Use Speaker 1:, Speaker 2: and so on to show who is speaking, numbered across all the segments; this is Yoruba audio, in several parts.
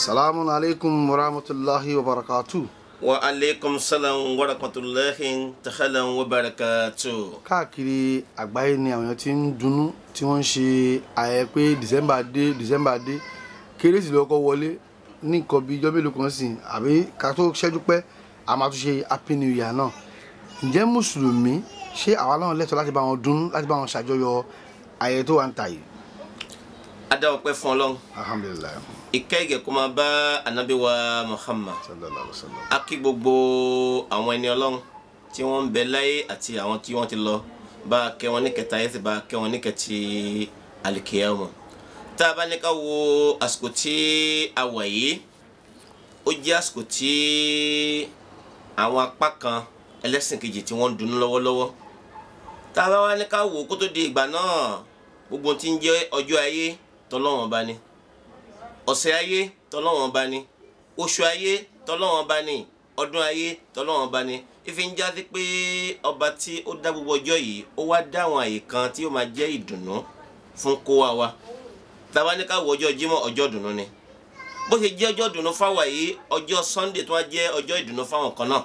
Speaker 1: salamun alaikum wa rahmatullahi wa barakatu.
Speaker 2: wa alaikum salam wa rahmatulahi tahala wa barakatu.
Speaker 1: káàkiri àgbáyé ni àwọn èèyàn ti ń dunnú tí wọ́n ń ṣe ayẹyẹ pé december dé december dé kérésì lọ́kọ́ wọlé ní nǹkan bíi ijọ́ mélòó kan sìn àbí ká tó ṣẹ́jú pẹ́ a máa tún ṣe happy new year náà ǹjẹ́ mùsùlùmí ṣé àwa náà lẹ́tọ̀ọ́ láti bá wọn dún láti bá wọn ṣàjọyọ̀ ayẹyẹ tó wà ń ta yìí.
Speaker 2: Ada ọpẹ́ fún Ọlọ́run alhamdulillah ìkẹ́ ìgẹ̀ kó máa bá anabi wa muhammad sallallahu alaihi wasallam akí gbogbo àwọn ẹni Ọlọ́run tí wọ́n ń bẹ láyé àti àwọn tí wọ́n ti lọ bá a kẹ́ wọn ní kẹta ayé sì bá a kẹ́ wọn ní kẹtì alikiyama tá a bá ní ká wo àsìkò tí a wà yìí ó jẹ́ àsìkò tí àwọn apá kan ẹlẹ́sìn kejì tí wọ́n ń dunnú lọ́wọ́lọ́wọ́ tá a bá wá ní ká wo kó tó di ìgbà náà gbogbo tí ń jẹ́ ọjọ́ ayé tọlọ́wọ́n bá ní ọ̀sẹ̀ ayé tọlọ́wọ́n bá ní oṣù ayé tọlọ́wọ́n bá ní ọdún ayé tọlọ́wọ́n bá ní ife ń jáde pé ọba tí ó dá gbogbo ọjọ́ yìí ó wá dá àwọn àyè kan tí ó máa jẹ́ ìdùnnú fún kó wa wa tàbá ní ká wo ọjọ́ jímọ̀ ọjọ́ ìdùnnú ni bó ṣe jẹ́ ọjọ́ ìdùnnú fáwa yìí ọjọ́ sunday tó wá jẹ́ ọjọ́ ìdùnnú fáwọn kan náà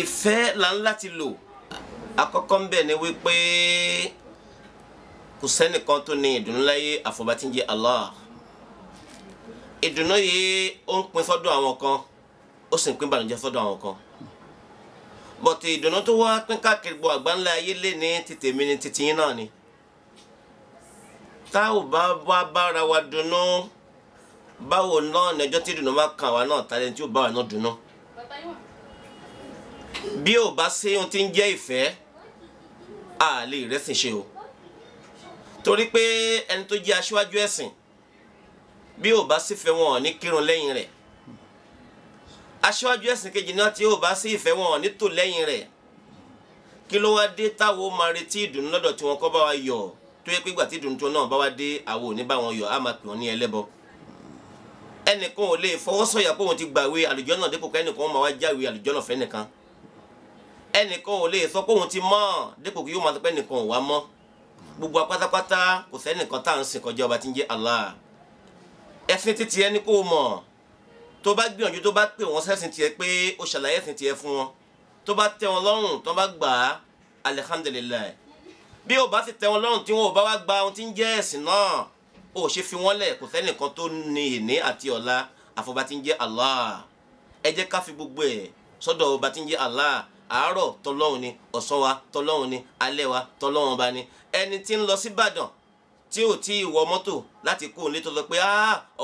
Speaker 2: ìfẹ́ là ń láti lò àkọ́kọ́ ń bẹ̀ ni wípé kò sẹ́nìkan tó ní ìdùnnú láyé àfọ̀bá tí ń jẹ́ Allah ìdùnnú yìí ó ń pín sọ́dọ̀ àwọn kan ó sì ń pín bànújẹ́ sọ́dọ̀ àwọn kan bọ̀tì ìdùnnú tó wá pín káàkiri gbogbo àgbáńlá ayé lé ní títì mi ní títì yín náà ni tá ò bá bá bára wa dunnú báwo náà nẹjọ́ tí ìdùnnú bá kàn wá náà tálẹ́ tí ò bá wà náà dunnú bí ò bá sí ohun tí ń jẹ́ a lè rẹ́sìn ṣe o torí pé ẹni tó jẹ́ aṣíwájú ẹ̀sìn bí ò bá sì fẹ́ wọn ò ní kírun lẹ́yìn rẹ̀ aṣíwájú ẹ̀sìn kejì náà tí ò bá sí ìfẹ́ wọn ní tò lẹ́yìn rẹ̀ kí ló wá dé táwo máa retí ìdùnnú lọ́dọ̀ tí wọn kọ́ bá wa yọ̀ tó yẹ pé tí ìdùnnú tó náà bá wa dé àwọn òní bá wọn yọ̀ á máa pè wọn ní ẹlẹ́bọ ẹnìkan ò lè fọwọ́sọ̀yà pé òun ti gbàwé àlùjọ náà dípò kẹ́nìkan máa wá jáwé àlùjọ náà fẹ́nìkan ẹnìkan ò lè sọ pé òun ti mọ̀ dípò kí yóò máa sọ pé ẹnìkan ò wá mọ̀ gbogbo apátápátá kò sẹ́nìkan tá à ń sìn kọjá ọba tí ń jẹ́ Allah ẹ̀sìn títí ẹni kò mọ̀ tó bá gbìyànjú tó bá pè wọ́n sẹ́sìn tiẹ̀ pé ó ṣàlàyé ẹ̀sìn tiẹ̀ fún wọn tó bá tẹ́ wọn lọ́rùn tó bá gbà á alihamdulilayi bí o bá sì tẹ́ wọn lọ́rùn tí wọn ò bá wá gba ohun tí ń jẹ́ ẹ̀sìn náà ó ṣe fi wọ́n lẹ̀ kò sẹ́nìkan tó ní ìní àti ọ̀la àfọ̀bá tí ń jẹ́ Allah ẹ jẹ́ ká fi gbogbo ẹ̀ sọ́dọ̀ ọba tí ń jẹ́ Allah àárọ̀ tọlọ́hun ni ọ̀sán wa tọlọ́hun ni alẹ́ wa tọlọ́hun ba ni ẹni tí ń lọ sí Ìbàdàn tí ò tí ì wọ mọ́tò láti kó nílé tó lọ pé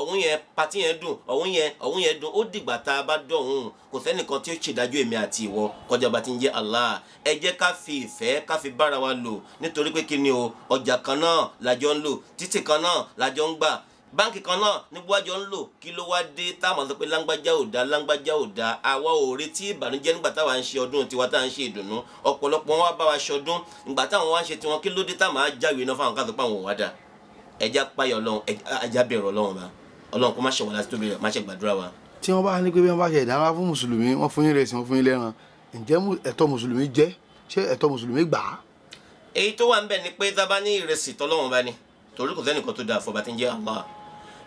Speaker 2: ọ̀hún yẹn patí yẹn dùn ọ̀hún yẹn ọ̀hún yẹn dùn ó dìgbà tá a bá dọ̀hún kò sẹ́nìkan tí ó ṣèdájọ́ èmi àti ìwọ kọjá bá ti ń jẹ́ Allah ẹ jẹ́ ká fi ìfẹ́ ká fi bára wa lò nítorí pé kí ni o ọjà kan náà làjọ ń lò títì kan náà làjọ ń gbà báǹkì kan náà ní buwájọ ń lò kí ló wá dé táwọn sọ pé lágbájá ò dá lágbájá ò dá àwa ò retí ìbànújẹ́ nígbà táwa ń ṣe ọdún tiwa tá à ń ṣe ìdùnnú ọ̀pọ̀lọpọ̀ wọn bá wa ṣọdún ìgbà táwọn wá ń ṣe tiwọn kí ló dé táwọn á jáwèé náà fáwọn káàtó páwọn ò wá dá ẹja páyọ Ọlọ́run ẹja bẹ̀rù Ọlọ́run bá Ọlọ́run kó má ṣe wọlé àti tóbi rẹ má ṣe gbàdúrà wa.
Speaker 1: tí wọn bá ní pé bí wọn bá ṣe ìdáná fún mùsùlùmí wọn fún yín rẹsì wọn
Speaker 2: fún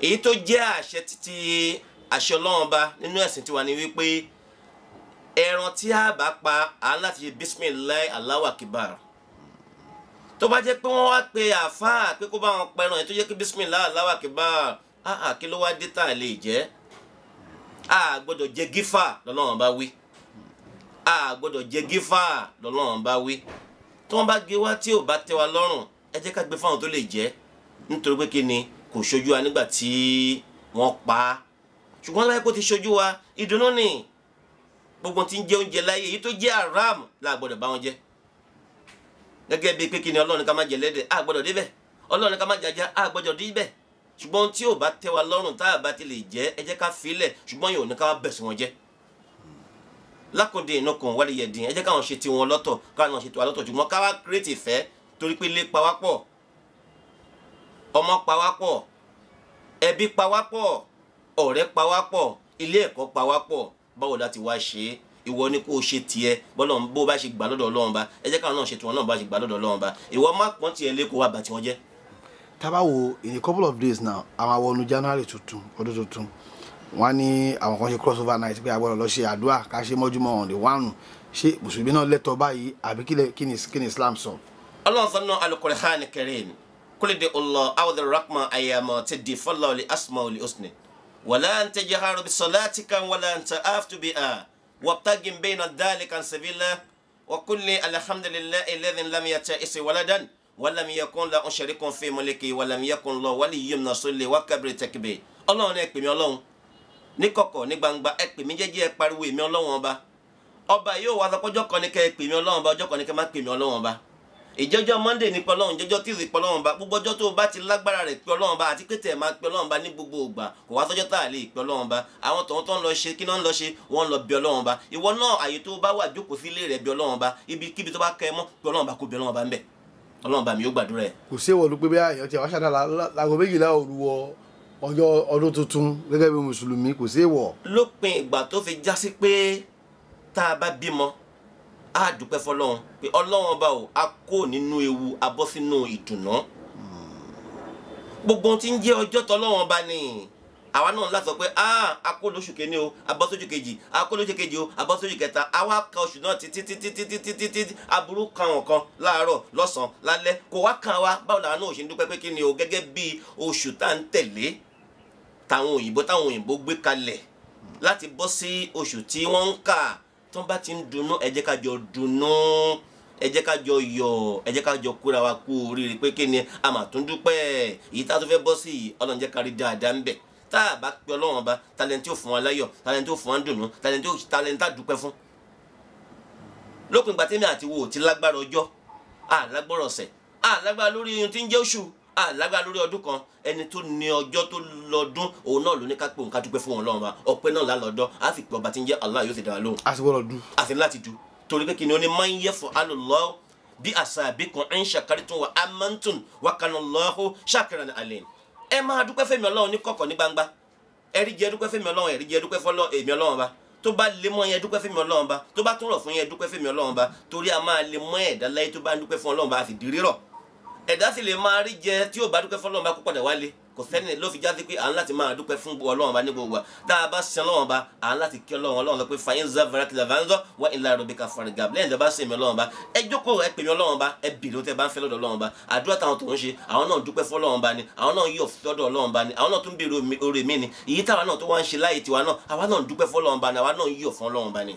Speaker 2: èyí tó jẹ́ àṣẹ títí àṣẹ ọlọ́run ba nínú ẹ̀sìn tiwa ni wípé ẹran tí a bá pa á láti ṣe bisimilayi Allahu Akbar tó bá jẹ́ pé wọ́n wá pe àáfàá pé kó bá wọn pẹran èyí tó jẹ́ pé bisimilayi Allahu Akbar áhà kí ló wá dé tà lè jẹ́ a gbọ́dọ̀ jẹ́ gífà lọ́lọ́run bá wí a gbọ́dọ̀ jẹ́ gífà lọ́lọ́run bá wí tí wọ́n bá gbé wá tí ò bá tẹ́ wa lọ́rùn ẹ jẹ́ ká gbé fáwọn tó lè jẹ́ nítorí pé kí ni kò ṣojú wa nígbà tí wọ́n pa á ṣùgbọ́n láyé kó ti ṣojú wa ìdùnnú ni gbogbo tí ń jẹ oúnjẹ láyé èyí tó jẹ́ haram la gbọ́dọ̀ bá wọn jẹ gẹ́gẹ́ bíi pé kí ni ọlọ́run ká má jẹ lẹ́dẹ̀ á gbọ́dọ̀ débẹ̀ ọlọ́run ká má jàjà á gbọ́dọ̀ débẹ̀ ṣùgbọ́n tí ò bá tẹ́ wa lọ́rùn tá a bá ti lè jẹ́ ẹ jẹ́ ká filẹ̀ ṣùgbọ́n yóò ní ká wá bẹ̀sùn wọn jẹ́ lákòndé ìnukùn wálé yẹ̀dín ẹ jẹ́ káwọn ṣe tiwọn lọ́tọ̀ káwọn ṣe tiwa lọ́tọ̀ ṣùgbọ́n ká wá kírètì fẹ́ torí pé lè pa wá pọ̀ ọmọ pawápọ̀ ẹbí pawápọ̀ ọ̀rẹ́ pawápọ̀ ilé ẹ̀kọ́ pawápọ̀ báwo láti wá ṣe é ìwọ ni kó o ṣe tiẹ̀ bọ́lọ̀ bó bá ṣe gbà lọ́dọ̀ Ọlọ́run ba ẹ jẹ́ káwọn náà ṣe tiwọn náà bá ṣe gbà lọ́dọ̀ Ọlọ́run ba ìwọ má pọ́n tiẹ̀ lé kó wá bàtí wọn jẹ́.
Speaker 1: tábàwò in a couple of days now àwọn wọnú January tuntun ọdún tuntun wọn ní àwọn kan ṣe cross over night pé àgbọ̀dọ̀ lọ ṣe àdúrà ká ṣe mọ́júmọ́ on the one ṣé mùsùlùmí náà lẹ́tọ̀ọ́ báyìí àbí kí ni Islam sọ.
Speaker 2: Ọlọ́run sọ náà Al-Qur'an Karim kulidi Allah aw da rakma ayama ta di falla li asma li usni wala anta jaharu bi salatika wala anta aftu bi a wabtagin bayna dhalika sabila wa kulli alhamdulillahi alladhi lam yata'is waladan ولم يكن له شريك في ملكه ولم يكن له ولي من نصره وكبر تكبير Ọlọ́run ẹ pè mí Ọlọ́run ní kọ̀kọ̀ ní gbangba ẹ jẹ́jẹ́ ẹ pariwo èmi Ọlọ́run ọba ọba yóò wá sọpọjọ kan ní kẹ́ ẹ pè ọba ọjọ́ kan ní kẹ́ má pè mí ọba ìjọjọ monday ní pọlọ́run jọjọ tuesday pọlọ́run ba gbogbo ọjọ́ tó o bá ti lágbára rẹ̀ pé ọlọ́run ba àti pé tẹ̀ máa pé ọlọ́run ba ní gbogbo ògbà kò wá sọ́jọ́ tá a lè pé ọlọ́run ba àwọn tọ̀hún tó ń lọ ṣe kí náà ń lọ ṣe wọ́n ń lọ bí ọlọ́run ba ìwọ náà àyè tó o bá wà jókòó sí ilé rẹ̀ bí ọlọ́run ba ibi kíbi tó bá kẹ́ ẹ mọ́ pé ọlọ́run kó bí ọlọ́run ba ń bẹ̀ ọlọ́run ba mi yóò gbàdúrà ẹ̀.
Speaker 1: kò sí ìwọ̀lú pé bí àyàn ti àwọn ṣàdá láago méjìlá òru wọ ọjọ́ ọdún tuntun gẹ́gẹ́ bí mùsùlùmí kò sí
Speaker 2: ìwọ̀ á dúpẹ́ fọlọ́run pé ọlọ́run ọba ò á kó nínú ewu a bọ́ sínú ìdùnnà gbogbo ohun tí ń jẹ́ ọjọ́ tọ́lọ́run ọba ni àwa náà láti sọ pé a kó lóṣù kìíní o a bọ́ sójú kejì a kó lóṣù kejì o a bọ́ sójú kẹta a wá ka oṣù náà títí títí títí títí títí aburú kan ọ̀kan láàárọ̀ lọ́sàn-án lálẹ́ kò wá kan wa báwo làwọn náà ò ṣe ń dúpẹ́ pé kí ni o gẹ́gẹ́ bí oṣù tá à ń tẹ̀lé táwọn òyìnbó táwọn òyìnbó gbé kalẹ̀ láti bọ́ sí oṣù tí wọ́n ń kà tó bá ti ń dunnú ẹ jẹ́ ká jọ dunnú ẹ jẹ́ ká jọ yọ̀ ẹ jẹ́ ká jọ kúra wa kú oríire pé kí ni a mà tún dúpẹ́ èyí tá a tún fẹ́ bọ́ sí yìí ọlọ́run jẹ́ ká rí dáadáa ń bẹ̀ tá a bá pe ọlọ́run ọba talẹ́ntì ò fún wa láyọ̀ talẹ́ntì ò fún wa dùnú talẹ́ntì ò talẹ́ntà dúpẹ́ fún. lópin ìgbà tẹ́mi àti wo ò ti lágbára ọjọ́ àlágbára ọ̀sẹ̀ àlágbára lórí ohun tí ń jẹ́ oṣù alágbára lórí ọdún kan ẹni tó ní ọjọ́ tó lọ́dún òun náà ló ní ká pé òun ká dúpẹ́ fún Ọlọ́run wa ọpẹ́ náà lálọ́dọ́ á fi pé ọba tí ń jẹ́ Allah yóò ti dára lóhùn. àti wọ́n lọ dùn. àti láti dùn torí pé kí ni ó ní máa ń yẹ fún alùlọ́ bí àṣà àbí kan ń ṣàkárìtún wa amantun wa kanu lọ́hó ṣàkìrànà àlẹ́ ẹ máa dúpẹ́ fẹ́mi Ọlọ́run ní kọ̀kọ̀ ní gbangba ẹ̀rí jẹ́ dúpẹ́ fẹ́mi Ọlọ́run ẹ̀rí jẹ́ dúpẹ́ fọ́lọ́ èmi Ọlọ́run wa tó bá lè mọ yẹn dúpẹ́ fẹ́mi Ọlọ́run ba tó bá tún rọ̀ fún yẹn dúpẹ́ fẹ́mi Ọlọ́run ba torí a máa lè mọ ẹ̀dá láyé tó bá ń dúpẹ́ fún Ọlọ́run ba àfi di rírọ̀ ẹ̀dá sì lè máa rí jẹ tí ò bá dúpẹ́ fọlọ́run bá kó padà wálé kò sẹ́ni ló fi jáde pé à ń láti máa dúpẹ́ fún ọlọ́run bá ní gbogbo wa tá a bá sin ọlọ́run bá à ń láti kí ọlọ́run ọlọ́run lọ pé fàyín zavara kìlà fà ń zọ wá ìlà rọ̀bìkà fàrìgà lẹ́yìn tó bá sin mi ọlọ́run bá ẹ jókòó ẹ pè mí ọlọ́run bá ẹ bèrè tẹ bá ń fẹ́ lọ́dọ̀ ọlọ́run bá àdúrà táwọn tó ń ṣe àwọn náà dúpẹ́ fún ọlọ́run bá ni àwọn náà yọ̀ lọ́dọ̀ ọlọ́run bá ni àwọn náà tún bèrè oore mi ni èyí táwa náà tó wá ń ṣe láyé tiwa náà àwa náà dúpẹ́ fún ọlọ́run bá ni àwa náà yọ̀ fún ọlọ́run bá ni.